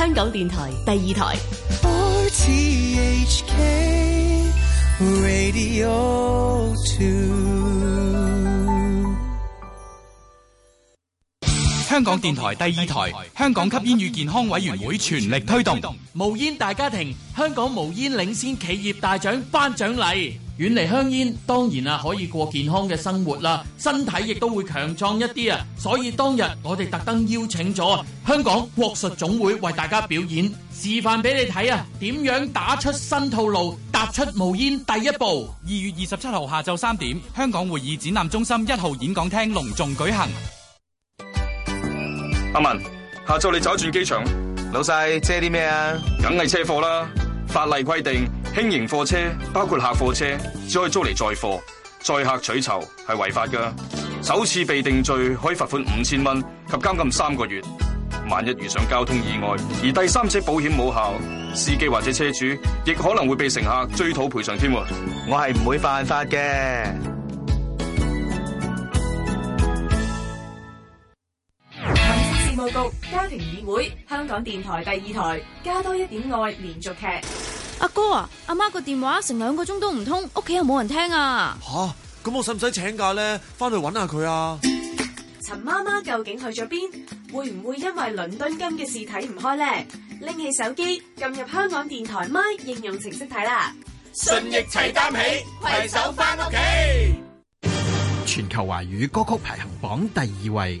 香港電台第二台，香港電台第二台，香港吸煙與健康委員會全力推動無煙大家庭，香港無煙領先企業大獎頒獎禮。遠離香煙，當然啊可以過健康嘅生活啦、啊，身體亦都會強壯一啲啊！所以當日我哋特登邀請咗香港國術總會為大家表演示範俾你睇啊，點樣打出新套路，踏出無煙第一步。二月二十七號下晝三點，香港會議展覽中心一號演講廳隆重舉行。阿文，下晝你走一轉機場，老細遮啲咩啊？梗係車貨啦。法例規定，輕型貨車包括客貨車，只可以租嚟載貨、載客取酬，係違法㗎。首次被定罪，可以罰款五千蚊及監禁三個月。萬一遇上交通意外，而第三者保險冇效，司機或者車主亦可能會被乘客追討賠償添。我係唔會犯法嘅。家庭議會，香港電台第二台，加多一點愛連續劇。阿哥啊，阿媽個電話成兩個鐘都唔通，屋企有冇人聽啊？吓，咁我使唔使請假咧？返去揾下佢啊！陳媽媽究竟去咗邊？會唔會因為倫敦金嘅事睇唔開咧？拎起手機，撳入香港電台 My 應用程式睇啦！順逆齊擔起，攜手返屋企。全球華語歌曲排行榜第二位。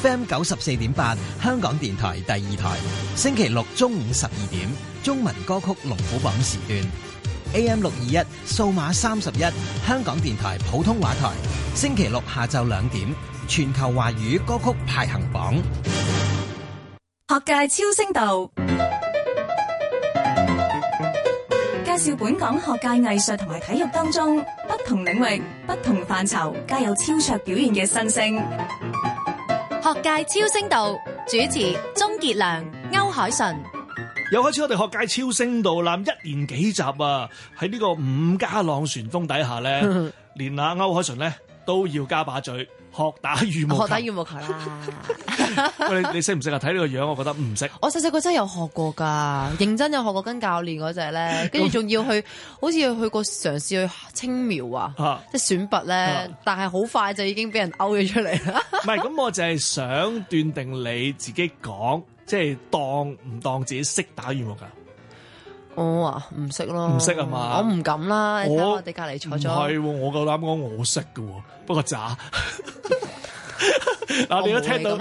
FM 九十四點八，8，香港電台第二台，星期六中午十二點，中文歌曲龍虎榜時段。AM 六二一，數碼三十一，香港電台普通話台，星期六下晝兩點，全球華語歌曲排行榜。學界超聲道，介紹本港學界、藝術同埋體育當中不同領域、不同範疇皆有超卓表現嘅新星。學界超聲道主持，鍾傑良、歐鎧淳， 又開始我哋學界超聲道啦！一連幾集啊，喺呢個五家浪旋風底下咧，連阿歐鎧淳咧都要加把嘴。學打羽毛，學打羽毛球啦！ 你你識唔識啊？睇呢個樣，我覺得唔識。 我細細個真係有學過噶，認真有學過，跟教練嗰陣咧，跟住仲要去， 好似去過嘗試去青苗啊， 即係選拔咧。 但係好快就已經俾人勾咗出嚟。唔 係，咁我就係想斷定你自己講，即係當唔當自己識打羽毛球？哦、我，我，我啊，唔識咯，唔識啊嘛，我唔敢啦。你睇我哋隔籬坐咗係，我夠膽講我識噶，不過咋？ 我哋、啊 哦、都聽到，哦、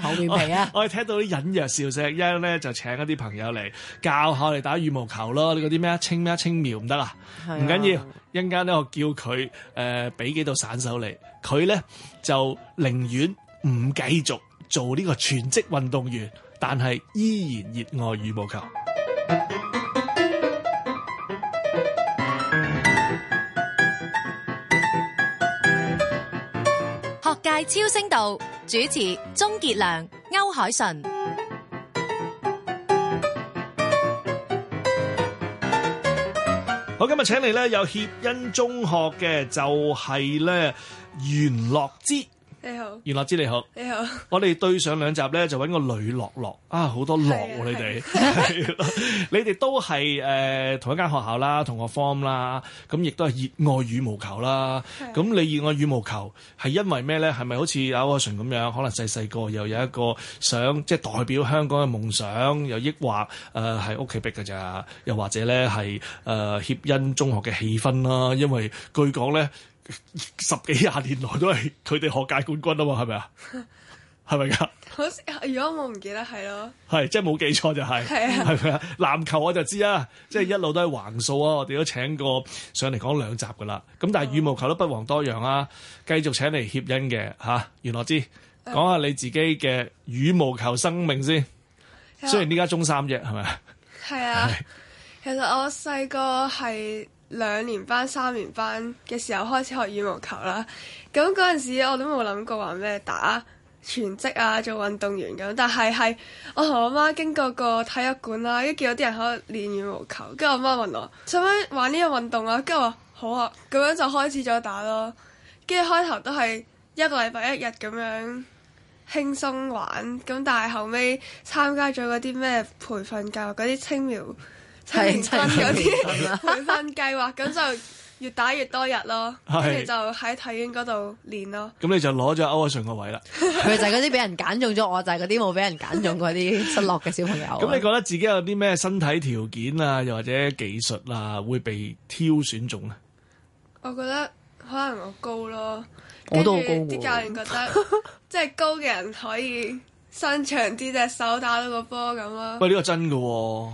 我哋聽到啲隱約笑聲。日日呢一咧就請一啲朋友嚟教下我哋打羽毛球咯。你嗰啲咩啊，輕咩啊，輕描唔得啦，唔緊要。一陣間咧，我叫佢誒，俾、呃、幾道散手嚟。佢咧就寧願唔繼續做呢個全職運動員，但係依然熱愛羽毛球。 超聲道主持鍾傑良、歐鎧淳，好，今日請嚟咧有協恩中學嘅就係咧袁樂孜。你、hey、好，袁樂孜，你好，你好，hey、好，我哋對上兩集咧就揾個女樂樂啊，好多樂你哋，你哋都係誒、呃、同一間學校啦，同個 form 啦，咁亦都係熱愛羽毛球啦。咁的你熱愛羽毛球係因為咩咧？係咪好似阿阿純咁樣？可能細細個又有一個想即係、就是、代表香港嘅夢想，又抑或誒係屋企逼嘅咋？又或者咧係誒協恩中學嘅氣氛啦？因為據講咧。十幾廿年來都係佢哋學界冠軍啊嘛，係咪啊？係咪噶？如果我唔記得係咯，係即係冇記錯就係，係咪啊？籃球我就知啦，即係一路都係橫掃啊！我哋都請過上嚟講兩集噶啦。咁但係羽毛球都不遑多讓啊！繼續請嚟協恩嘅吓，袁樂孜，講下你自己嘅羽毛球生命先。嗯、雖然呢家中三只係咪？係啊， 對其實我細個係。兩年班，三年班嘅時候開始學羽毛球啦，咁嗰陣時我都冇諗過話咩打全職啊，做運動員咁，但係係我同我媽經過個體育館啦，一見到啲人喺度練羽毛球，跟住我媽問我使唔使玩呢個運動啊，跟住我，好啊，咁樣就開始咗打咯，跟住開頭都係一個禮拜一日咁樣輕鬆玩，咁但係後尾參加咗嗰啲咩培訓教育嗰啲青苗。重新有啲培訓計劃，咁就越打越多日咯。跟住就喺體院嗰度練咯。咁你就攞咗歐亞上個位啦。佢就係嗰啲俾人揀中咗，我就係嗰啲冇俾人揀中嗰啲失落嘅小朋友。咁你覺得自己有啲咩身體條件啊，又或者技術啊，會被挑選中咧？我覺得可能我高咯，我都高啲教練覺得即係高嘅人可以伸長啲隻手打到個波咁咯。喂，呢個真㗎喎！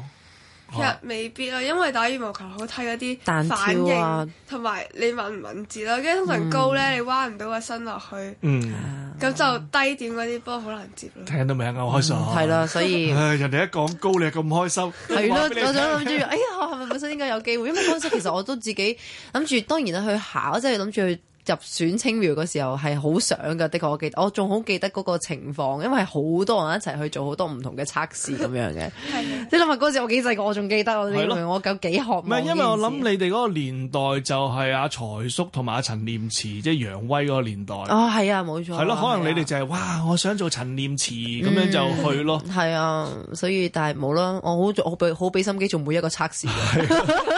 其實未必啦，因為打羽毛球好睇嗰啲反應，同埋你敏唔敏捷啦。跟住通常高咧，你彎唔到個身落去，咁就低點嗰啲波好難接。聽到未？啊，我開心。係咯，所以。人哋一講高，你又咁開心。係咯，我想諗住，哎呀，我係咪本身應該有機會？因為當時其實我都自己諗住，當然啦，去考即係諗住。去。入選青苗嗰時候係好想嘅。的確我記得，我仲好記得嗰個情況，因為好多人一齊去做好多唔同嘅測試咁 樣嘅。係， 即係諗下嗰時我幾細個，我仲記得。係咯。啊、我夠幾學唔係，因為我諗你哋嗰個年代就係阿、啊、財叔同埋阿陳念慈即係楊威嗰個年代。哦，係啊，冇錯。係咯、啊，可能你哋就係、係啊、哇，我想做陳念慈咁樣就去咯。係啊，所以但係冇啦，我好做，我俾好俾心機做每一個測試。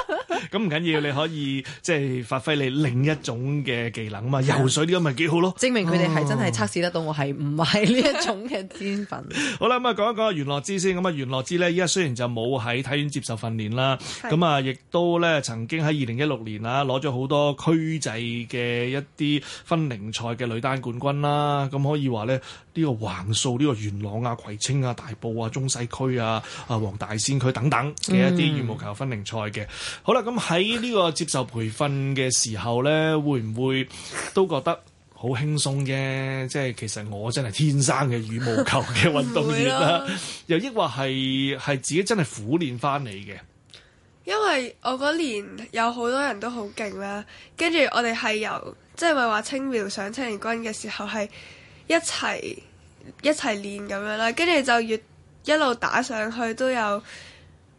咁唔緊要， 你可以即係、就是、發揮你另一種嘅技能啊嘛！ 游水呢個咪幾好咯，證明佢哋係真係測試得到我係唔係呢一種嘅天分？ 好啦，咁、嗯、啊講一講袁樂孜先。咁啊袁樂孜呢，依家雖然就冇喺體院接受訓練啦，咁啊亦都咧曾經喺二零一六年啊，攞咗好多區際嘅一啲分齡賽嘅女單冠軍啦，咁、嗯嗯、可以話咧。呢個橫掃呢、呢個元朗啊、葵青啊、大埔啊、中西區啊、啊黃大仙區等等嘅一啲羽毛球分齡賽嘅，嗯、好啦，咁喺呢個接受培訓嘅時候呢，會唔會都覺得好輕鬆嘅？即係其實我真係天生嘅羽毛球嘅運動員又抑或係係自己真係苦練翻嚟嘅？因為我嗰年有好多人都好勁啦，跟住我哋係由即係咪話青苗上青年軍嘅時候係一齊。一齊練咁樣啦，跟住就越一路打上去都有，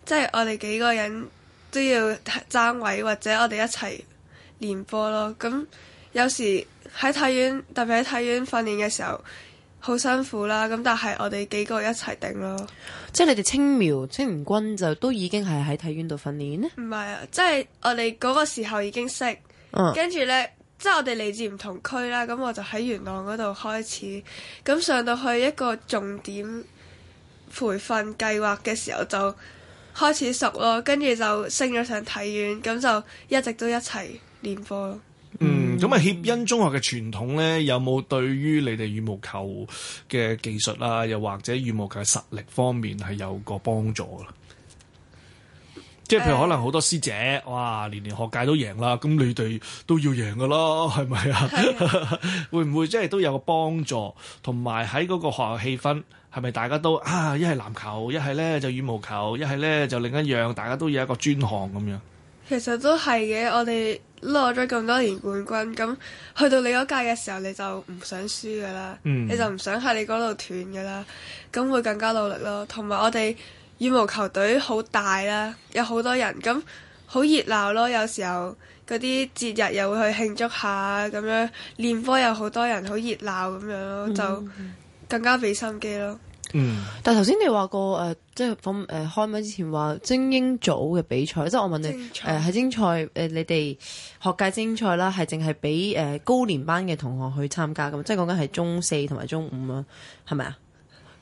即係我哋幾個人都要爭位或者我哋一齊練波咯。咁、嗯、有時喺體院，特別喺體院訓練嘅時候，好辛苦啦。咁但係我哋幾個一齊頂咯。即係你哋青苗、青年軍就都已經係喺體院度訓練。唔係啊，即係我哋嗰個時候已經識，跟住、嗯、呢。即係我哋嚟自唔同區啦，咁我就喺元朗嗰度開始，咁上到去一個重點培訓計劃嘅時候就開始熟咯，跟住就升咗上體院，咁就一直都一齊練波咯。嗯，咁啊、嗯、協、嗯、恩中學嘅傳統咧，有冇對於你哋羽毛球嘅技術啊，又或者羽毛球嘅實力方面係有個幫助咧？即係譬如可能好多師姐，欸、哇，年年學界都贏啦，咁你哋都要贏噶咯，係咪啊？的 會唔會即係都有個幫助？同埋喺嗰個學校氣氛，係咪大家都啊？一係籃球，一係咧就羽毛球，一係咧就另一樣，大家都有一個專項咁樣。其實都係嘅，我哋攞咗咁多年冠軍，咁去到你嗰屆嘅時候，你就唔想輸噶啦，嗯、你就唔想喺你嗰度斷噶啦，咁會更加努力咯。同埋我哋。羽毛球隊好大啦，有好多人，咁好熱鬧咯。有時候嗰啲節日又會去慶祝下咁樣，練波有好多人，好熱鬧咁樣咯，就更加俾心機咯。嗯，但係頭先你話過誒、呃，即係放誒開咪之前話精英組嘅比賽，彩即係我問你誒係、呃、精賽誒、呃，你哋學界精英賽啦，係淨係俾誒高年班嘅同學去參加咁，即係講緊係中四同埋中五啊，係咪啊？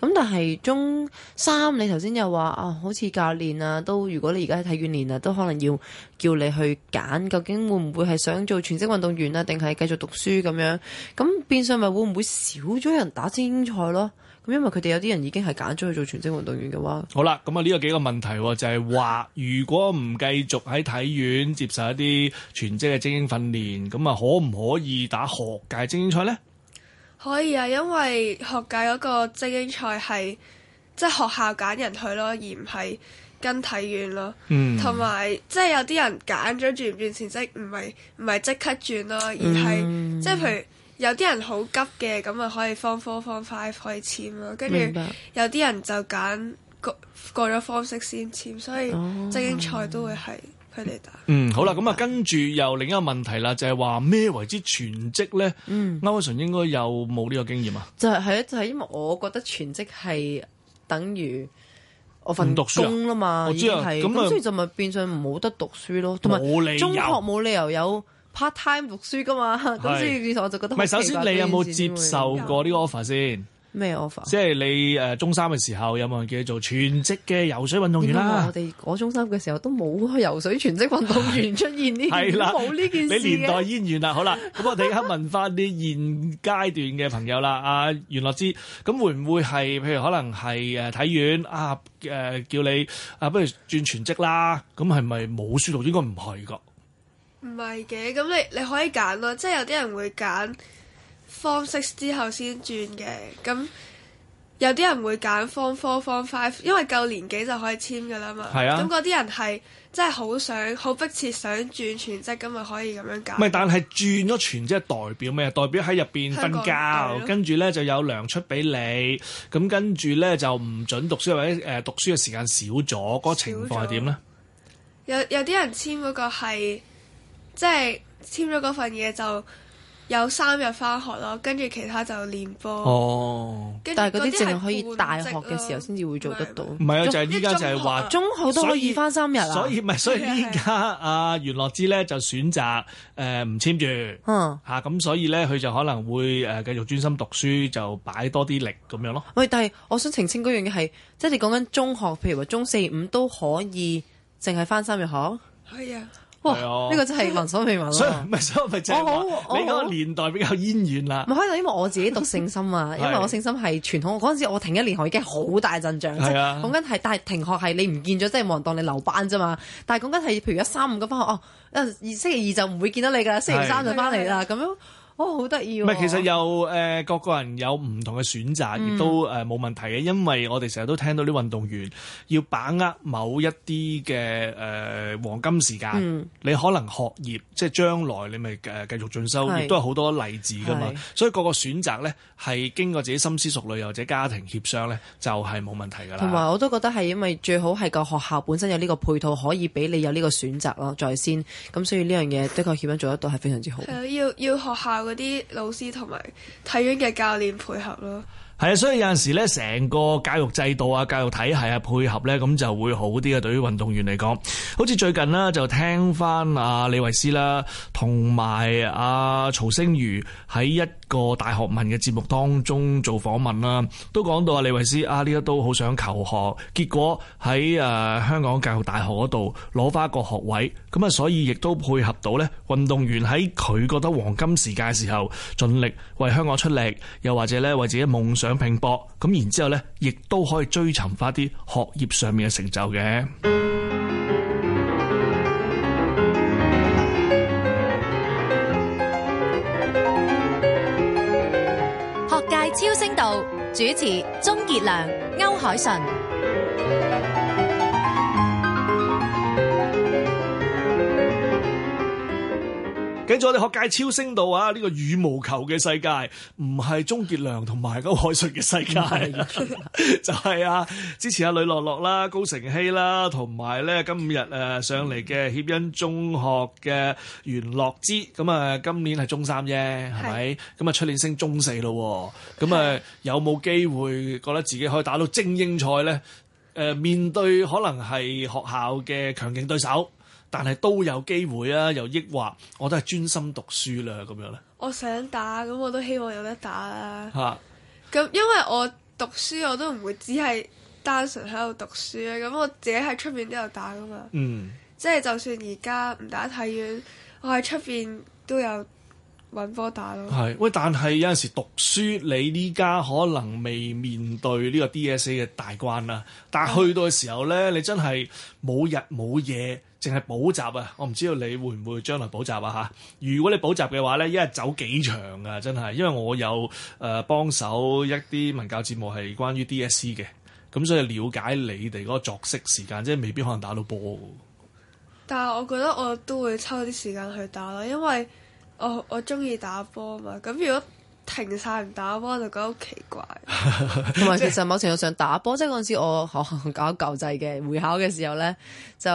咁但係中三，你頭先又話啊，好似教練啊，都如果你而家喺體院練啊，都可能要叫你去揀，究竟會唔會係想做全職運動員啊，定係繼續讀書咁樣？咁變相咪會唔會少咗人打精英賽咯？咁因為佢哋有啲人已經係揀咗去做全職運動員嘅話，好啦，咁啊呢個幾個問題就係話，如果唔繼續喺體院接受一啲全職嘅精英訓練，咁啊可唔可以打學界精英賽呢？可以啊，因為學界嗰個精英賽係即係學校揀人去咯，而唔係跟體院咯。同埋、嗯、即係有啲人揀咗轉唔轉成績，唔係唔係即刻轉咯，而係、嗯、即係譬如有啲人好急嘅咁，咪可以方科方 five 可以簽咯。跟住有啲人就揀過過咗方式先簽，所以精英賽都會係。嗯，好啦，咁、嗯、啊，跟住又另一個問題啦，就係話咩為之全職咧？嗯，歐神應該又冇呢個經驗啊、就係。就係係啊，就係因為我覺得全職係等於我份讀書啊嘛。我知啊，咁啊，所以就咪變相冇得讀書咯。同埋中學冇理由有 part time 讀書㗎嘛。咁是所以其實我就覺得，唔係首先你有冇接受過呢個 offer 先？咩 offer？即係你誒中三嘅時候有冇人叫做全職嘅游水運動員啦？我哋我中三嘅時候都冇游水全職運動員出現呢。係啦，冇呢件事，你年代煙遠啦，好啦，咁我哋而家問翻啲現階段嘅朋友啦。阿、啊、袁樂孜，咁會唔會係譬如可能係誒體院啊誒叫你啊不如轉全職啦？咁係咪冇書讀？應該唔係個。唔係嘅，咁你你可以揀咯，即係有啲人會揀 form six 之後先轉嘅，咁有啲人會揀 form four form five，因為夠年紀就可以簽噶啦嘛。係是啊。咁嗰啲人係真係好想、好迫切想轉全職，咁咪可以咁樣揀。唔係，但係轉咗全職代表咩？代表喺入邊瞓覺，的跟住咧就有糧出俾你。咁跟住咧就唔准讀書或者誒讀書嘅時間少咗，嗰、那個情況係點咧？有有啲人簽嗰個係，即、就、係、是、簽咗嗰份嘢就。有三日翻學咯，跟住其他就練波。哦，但係嗰啲凈可以大學嘅時候先至會做得到。唔係啊，中就係依家就係話中，中學都可以翻三以日啊。所以唔係，所以依家阿袁樂孜咧就選擇誒唔、呃、簽住、嗯啊。嗯。嚇咁所以咧，佢就可能會誒、呃、繼續專心讀書，就擺多啲力咁樣咯。喂，但係我想澄清嗰樣嘢係，即、就、係、是、你講緊中學，譬如話中四五都可以，淨係翻三日學。係啊。呢哇哇個真係聞所未聞咯，啊，所以咪即係話你嗰年代比較煙遠啦。唔可能因為我自己讀聖心啊， 因為我聖心係傳統，我嗰時我停一年學已經好大陣仗。係啊的，講緊係但係停學係你唔見咗，即係冇人當你留班啫嘛。但係講緊係譬如一三五咁返學，哦，二星期二就唔會見到你㗎啦，星期的三就返嚟啦，咁的樣。哦，好得意！唔係，其實有誒各個人有唔同嘅選擇，亦都誒冇問題嘅。因為我哋成日都聽到啲運動員要把握某一啲嘅誒黃金時間，你可能學業即係將來你咪繼續進修，亦都係好多例子㗎嘛。所以個個選擇咧係經過自己深思熟慮或者家庭協商咧，就係冇問題㗎啦。同埋我都覺得係因為最好係個學校本身有呢個配套，可以俾你有呢個選擇咯，在先咁，所以呢樣嘢的確協恩做得到係非常之好。係要要學校。嗰啲老師同埋體院嘅教練配合咯，係啊，所以有陣時咧，成個教育制度啊、教育體係啊配合咧，咁就會好啲啊。對於運動員嚟講，好似最近啦，就聽返阿李維斯啦，同埋阿曹星如喺一。個大學問嘅節目當中做訪問啦，都講到阿李慧詩啊，而家都好想求學，結果喺誒、呃、香港教育大學嗰度攞翻個學位咁啊，所以亦都配合到呢運動員喺佢覺得黃金時間嘅時候，盡力為香港出力，又或者呢為自己夢想拼搏咁，然之後呢，亦都可以追尋翻啲學業上面嘅成就嘅。 主持：鍾傑良、歐鎧淳。跟住我哋學界超聲道啊！呢、這個羽毛球嘅世界唔係鍾杰良同埋歐鎧淳嘅世界，世界 就係啊！支持阿呂樂樂啦、高成希啦，同埋咧今日誒、啊、上嚟嘅協恩中學嘅袁樂孜，咁、嗯、啊今年係中三啫，係咪是？咁啊出年升中四咯、啊，咁、嗯、啊是、嗯、有冇機會覺得自己可以打到精英賽咧？誒、呃、面對可能係學校嘅強勁對手。但係都有機會啊，又抑或我都係專心讀書啦，咁樣咧。我想打，咁我都希望有得打啦。嚇！ 咁因為我讀書我都唔會只係單純喺度讀書啊，咁我自己喺出面都有打噶嘛。嗯。即係就，就算而家唔打體院，我喺出邊都有。搵波打咯，係喂，但係有陣時讀書，你呢家可能未面對呢個 DSE 嘅大關啦。但係去到嘅時候咧，嗯、你真係冇日冇夜，淨係補習啊！我唔知道你會唔會將來補習啊吓。如果你補習嘅話咧，一日走幾場啊，真係。因為我有誒幫手一啲文教節目係關於 DSE 嘅，咁所以了解你哋嗰個作息時間，即係未必可能打到波。但係我覺得我都會抽啲時間去打咯，因為。我我中意打波嘛，咁如果停晒唔打波就覺得好奇怪。同埋其實某程度上打波，即係嗰陣時我我 搞舊制嘅會考嘅時候咧，就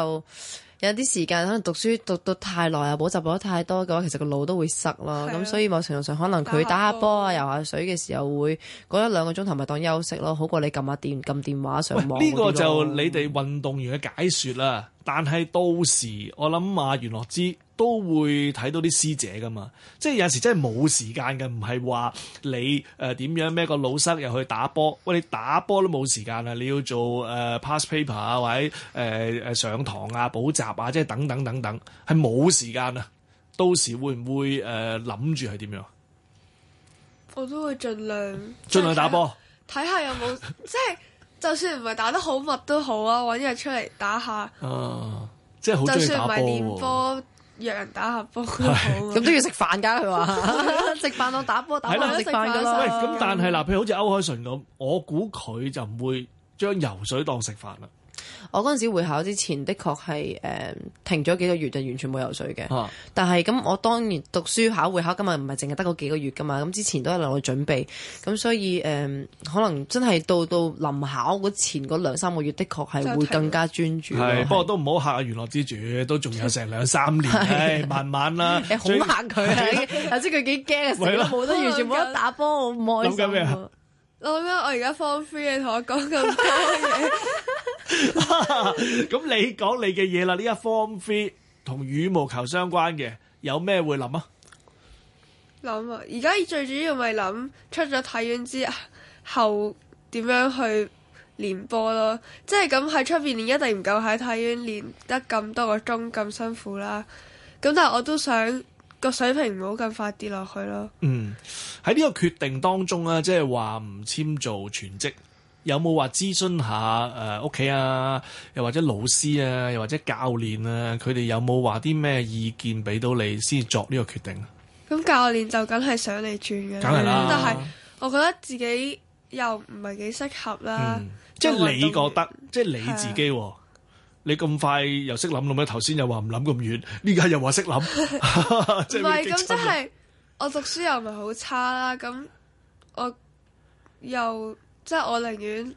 有啲時間可能讀書讀得太耐啊，補習補得太多嘅話，其實個腦都會塞咯。咁所以某程度上可能佢打,打下波啊、游下水嘅時候會，會嗰一兩個鐘頭咪當休息咯，好過你撳下電、撳電話、上網。呢、這個就你哋運動員嘅解說啦。但係到時我諗啊，袁樂孜都會睇到啲師姐噶嘛，即係有陣時真係冇時間嘅，唔係話你誒點、呃、樣咩個老濕入去打波，喂你打波都冇時間啊，你要做誒、呃、past paper 或者誒誒上堂啊、補、呃、習啊,啊，即係等等等等，係冇時間啊。到時會唔會誒諗住係點樣？我都會盡量盡量打波，睇下看看有冇即係。 就是就算唔係打得密好密都好啊，揾日出嚟打下。哦，即係好就算唔係練波，約、啊、人打下波都好。咁都要食飯㗎，佢話食飯當打波，打完食飯咁咯。喂，咁但係嗱，譬如好似歐海順咁，我估佢就唔會將游水當食飯啦。我嗰陣時會考之前，的確係誒停咗幾個月就完全冇游水嘅。但係咁，我當然讀書考會考，今日唔係淨係得嗰幾個月㗎嘛。咁之前都有留落準備，咁所以誒，可能真係到到臨考嗰前嗰兩三個月，的確係會更加專注。係，不過都唔好嚇娛樂之主，都仲有成兩三年，慢慢啦。好嚇佢，頭先佢幾驚啊！係咯，冇完全冇得打波，好唔開心。諗緊咩我而家 form three 你同我講咁多嘢。咁你講你嘅嘢啦，呢一 form three 同羽毛球相關嘅，有咩會諗啊？諗啊！而家最主要咪諗出咗體院之後點樣去練波咯，即係咁喺出邊練一定唔夠喺體院練得咁多個鐘咁辛苦啦。咁但係我都想個水平唔好咁快跌落去咯。嗯，喺呢個決定當中啊，即係話唔簽做全職。有冇話諮詢下誒屋企啊，又或者老師啊，又或者教練啊，佢哋有冇話啲咩意見俾到你先作呢個決定？咁教練就梗係想你轉嘅，梗係啦。但係我覺得自己又唔係幾適合啦。即係、嗯就是、你覺得，即係你自己、啊，啊、你咁快又識諗到啦？頭先又話唔諗咁遠，呢家又話識諗，唔係咁即係我讀書又唔係好差啦，咁我又。即係我寧願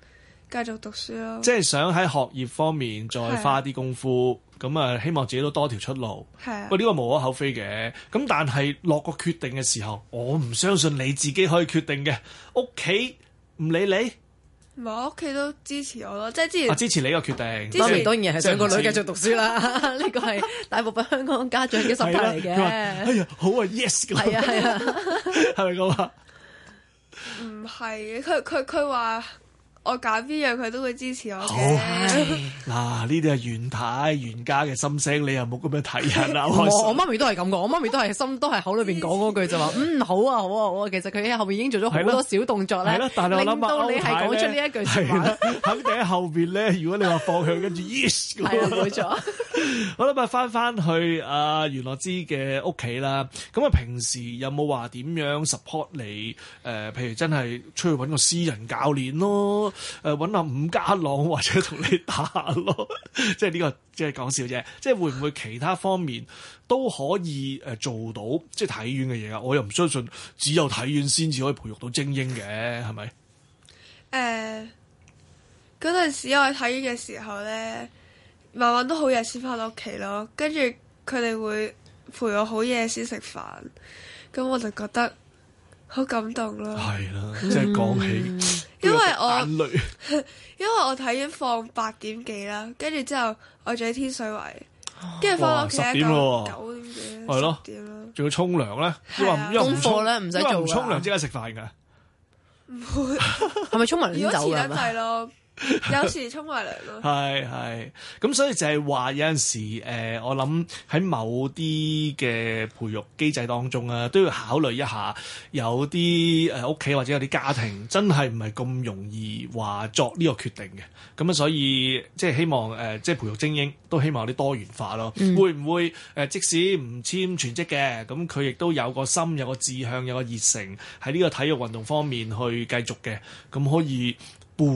繼續讀書咯，即係想喺學業方面再花啲功夫，咁是啊，希望自己都多條出路。係，喂，呢個無可厚非嘅，咁但係落個決定嘅時候，我唔相信你自己可以決定嘅。屋企唔理你？我屋企都支持我咯，即係之前、啊、支持你個決定。媽咪前當然係想個女繼續讀書啦，呢個係大部分香港家長嘅心態嚟嘅。哎呀，好啊，Yes，係啊係啊，係咪咁啊？ 是唔係嘅，佢佢佢話我揀邊樣佢都會支持我嗱。好，呢啲係袁太袁家嘅心聲，你又冇咁樣睇人啦。我我媽咪都係咁講，我媽咪都係心都係口裏邊講嗰句就話，嗯好啊好啊好啊。好啊好啊」其實佢喺後邊已經做咗好多小動作咧。係咯啦，但係我諗到你係講出呢一句，肯定喺後邊咧。如果你話放向跟住 yes，係啊，冇錯。 好啦，咪翻翻去阿袁樂孜嘅屋企啦。咁、嗯、啊，平時有冇話點樣 support 你？誒、呃，譬如真係出去搵個私人教練咯，誒，搵下伍家朗或者同你打下咯。即係呢、這個，即係講笑啫。即係會唔會其他方面都可以誒做到？即係體院嘅嘢啊！我又唔相信只有體院先至可以培育到精英嘅，係咪？誒，嗰陣時我喺體院嘅時候咧。慢慢都好夜先翻到屋企咯，跟住佢哋會陪我好夜先食飯，咁我就覺得好感動咯。係啦，即係講起，因為我因為我睇緊放八點幾啦，跟住之後我仲喺天水圍，跟住翻到屋企十點啦，九點幾，十點啦，仲要沖涼咧，話唔要唔沖咧，唔使做咧，唔沖涼即刻食飯噶，唔會，係咪沖涼如果遲得滯咯。 有時沖埋嚟咯， 係係咁，所以就係話有陣時誒、呃，我諗喺某啲嘅培育機制當中啊，都要考慮一下，有啲誒屋企或者有啲家庭真係唔係咁容易話作呢個決定嘅，咁啊，所以即係、就是、希望誒，即、呃、係、就是、培育精英都希望有啲多元化咯，嗯、會唔會誒、呃，即使唔簽全職嘅，咁佢亦都有個心，有個志向，有個熱誠喺呢個體育運動方面去繼續嘅，咁可以。半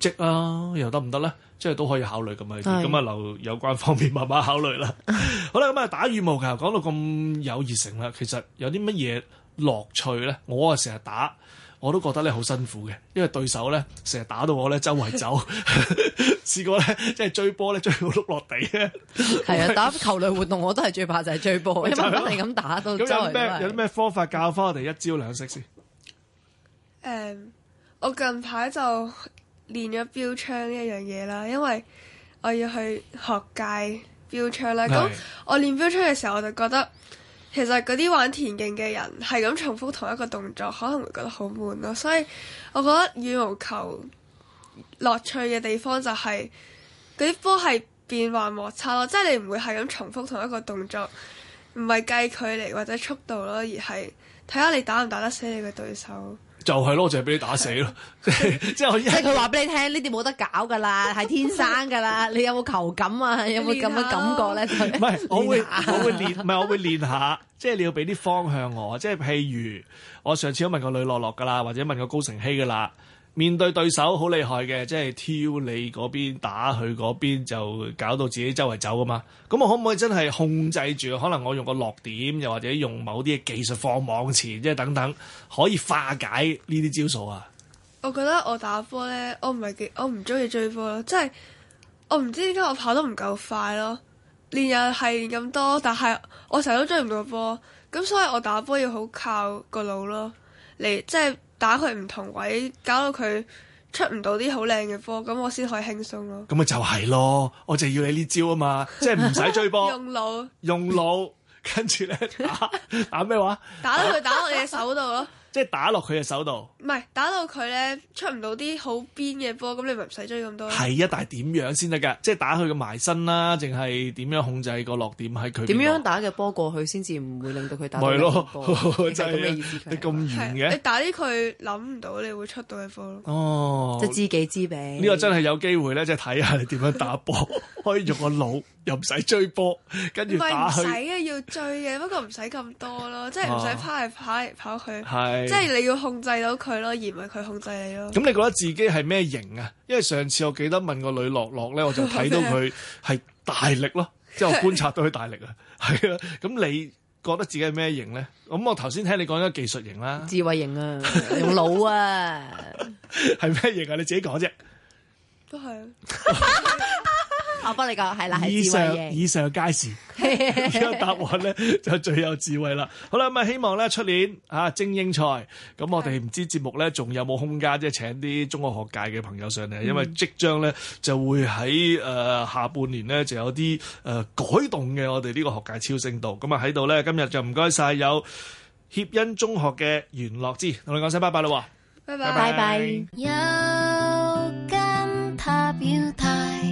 職啊，又得唔得咧？即係都可以考慮咁啊，咁啊對 留有關方面慢慢考慮啦。 好啦、啊，咁啊打羽毛球講到咁有熱誠啦，其實有啲乜嘢樂趣咧？我啊成日打，我都覺得咧好辛苦嘅，因為對手咧成日打到我咧周圍走， 試過咧即係追波咧追到碌落地咧。係啊，打球類活動我都係最怕就係追波，嗯、因為一陣間係咁打到周圍有。有啲咩方法教翻我哋一招兩式先？誒、 um。我近排就練咗標槍一樣嘢啦，因為我要去學界標槍啦。咁對我練標槍嘅時候，我就覺得其實嗰啲玩田徑嘅人係咁重複同一個動作，可能會覺得好悶咯。所以我覺得羽毛球樂趣嘅地方就係嗰啲波係變幻莫測咯，即係你唔會係咁重複同一個動作，唔係計距離或者速度咯，而係睇下你打唔打得死你嘅對手。就係咯，就係俾你打死咯， 即係即係。即係佢話俾你聽，呢啲冇得搞噶啦，係 天生噶啦。你有冇球感啊？ 有冇咁嘅感覺咧？唔 係是， 我會， 我，會我會練，唔係我會練下。即係 你要俾啲方向我。即係譬如我上次都問過女落落噶啦，或者問過高成希噶啦。面對對手好厲害嘅，即係挑你嗰邊打佢嗰邊，就搞到自己周圍走啊嘛。咁我可唔可以真係控制住？可能我用個落點，又或者用某啲嘅技術放網前，即係等等，可以化解呢啲招數啊？我覺得我打波咧，我唔係幾，我唔中意追波咯。即係我唔知點解我跑得唔夠快咯。練又係練咁多，但係我成日都追唔到波。咁所以我打波要好靠個腦咯。嚟即係。打佢唔同位，搞到佢出唔到啲好靚嘅波，咁我先可以輕鬆咯。咁咪就係咯，我就要你呢招啊嘛，即係唔使追波，用腦，用腦，跟住咧打打咩話？打，打，打到佢打落你隻手度咯。 即係打落佢嘅手度，唔係打到佢咧出唔到啲好邊嘅波，咁你咪唔使追咁多。係啊，但係點樣先得噶？即係打佢個埋身啦，定係點樣控制個落點喺佢？點樣打嘅波過去先至唔會令到佢打到？係 咯，就咁嘅意思。 是你咁嚴嘅，你打啲佢諗唔到，你會出到嘅波咯。哦，就知己知彼。呢個真係有機會咧，即係睇下你點樣打波， 可以用個腦。又唔使追波，跟住打佢。唔係唔使啊，要追嘅，不過唔使咁多咯，即係唔使跑嚟跑嚟跑去。係，啊、即係你要控制到佢咯，而唔係佢控制你咯。咁你覺得自己係咩型啊？因為上次我記得問個女樂樂咧，我就睇到佢係大力咯，啊、即係我觀察到佢大力 啊。係啊，咁你覺得自己係咩型咧？咁我頭先聽你講咗技術型啦，智慧型啊，用腦啊，係咩 型啊？你自己講啫，都係是、啊。 我幫你講係啦，係智慧嘅，以上皆是。呢個答案咧就最有智慧啦。好啦，咁啊希望咧出年啊精英賽，咁我哋唔知節目咧仲有冇空間即係請啲中學學界嘅朋友上嚟，因為即將咧就會喺誒下半年咧就有啲誒改動嘅。我哋呢個學界超聲度，咁啊喺度咧今日就唔該晒有協恩中學嘅袁樂孜同你講聲拜拜啦，喎拜拜拜拜。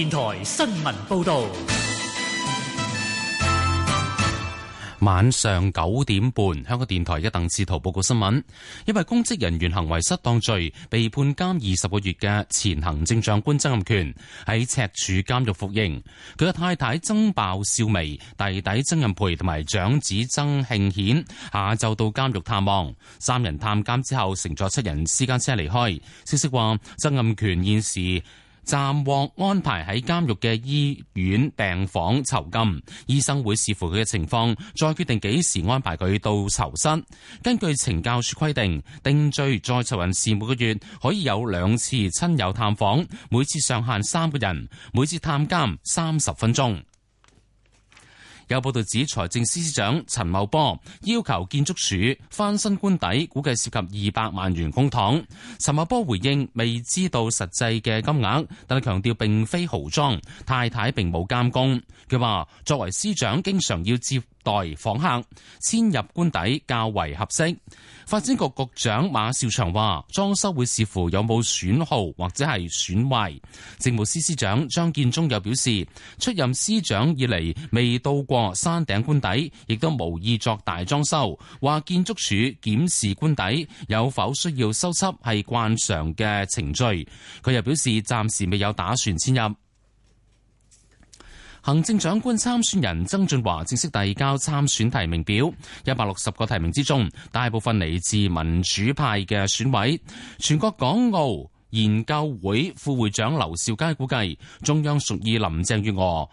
電台新聞報道，晚上九點半，香港電台嘅鄧志圖報告新聞，因為公職人員行為失當罪被判監二十個月嘅前行政長官曾蔭權喺赤柱監獄服刑，佢嘅太太曾鮑笑薇、弟弟曾蔭培同埋長子曾慶衍下晝到監獄探望，三人探監之後乘坐七人私家車離開。消息話，曾蔭權現時。暫獲安排喺監獄嘅醫院病房囚禁，醫生會視乎佢嘅情況，再決定幾時安排佢到囚室。根據懲教署規定，定罪在囚人士每個月可以有兩次親友探訪，每次上限三個人，每次探監三十分鐘。有報道指財政司司長陳茂波要求建築署翻新官邸，估計涉及二百萬元公帑。陳茂波回應未知道實際嘅金額，但係強調並非豪裝，太太並冇監工。佢話作為司長，經常要接。待訪客遷入官邸較為合適。發展局局長馬紹祥話，裝修會視乎有冇損耗或者係損壞。政務司司長張建宗又表示，出任司長以嚟未到過山頂官邸，亦都無意作大裝修。話建築署檢視官邸有否需要修葺係慣常嘅程序。佢又表示，暫時未有打算遷入。行政長官參選人曾俊華正式遞交參選提名表，一百六十個提名之中，大部分嚟自民主派嘅選委。全國港澳研究會副會長劉兆佳估計，中央屬意林鄭月娥。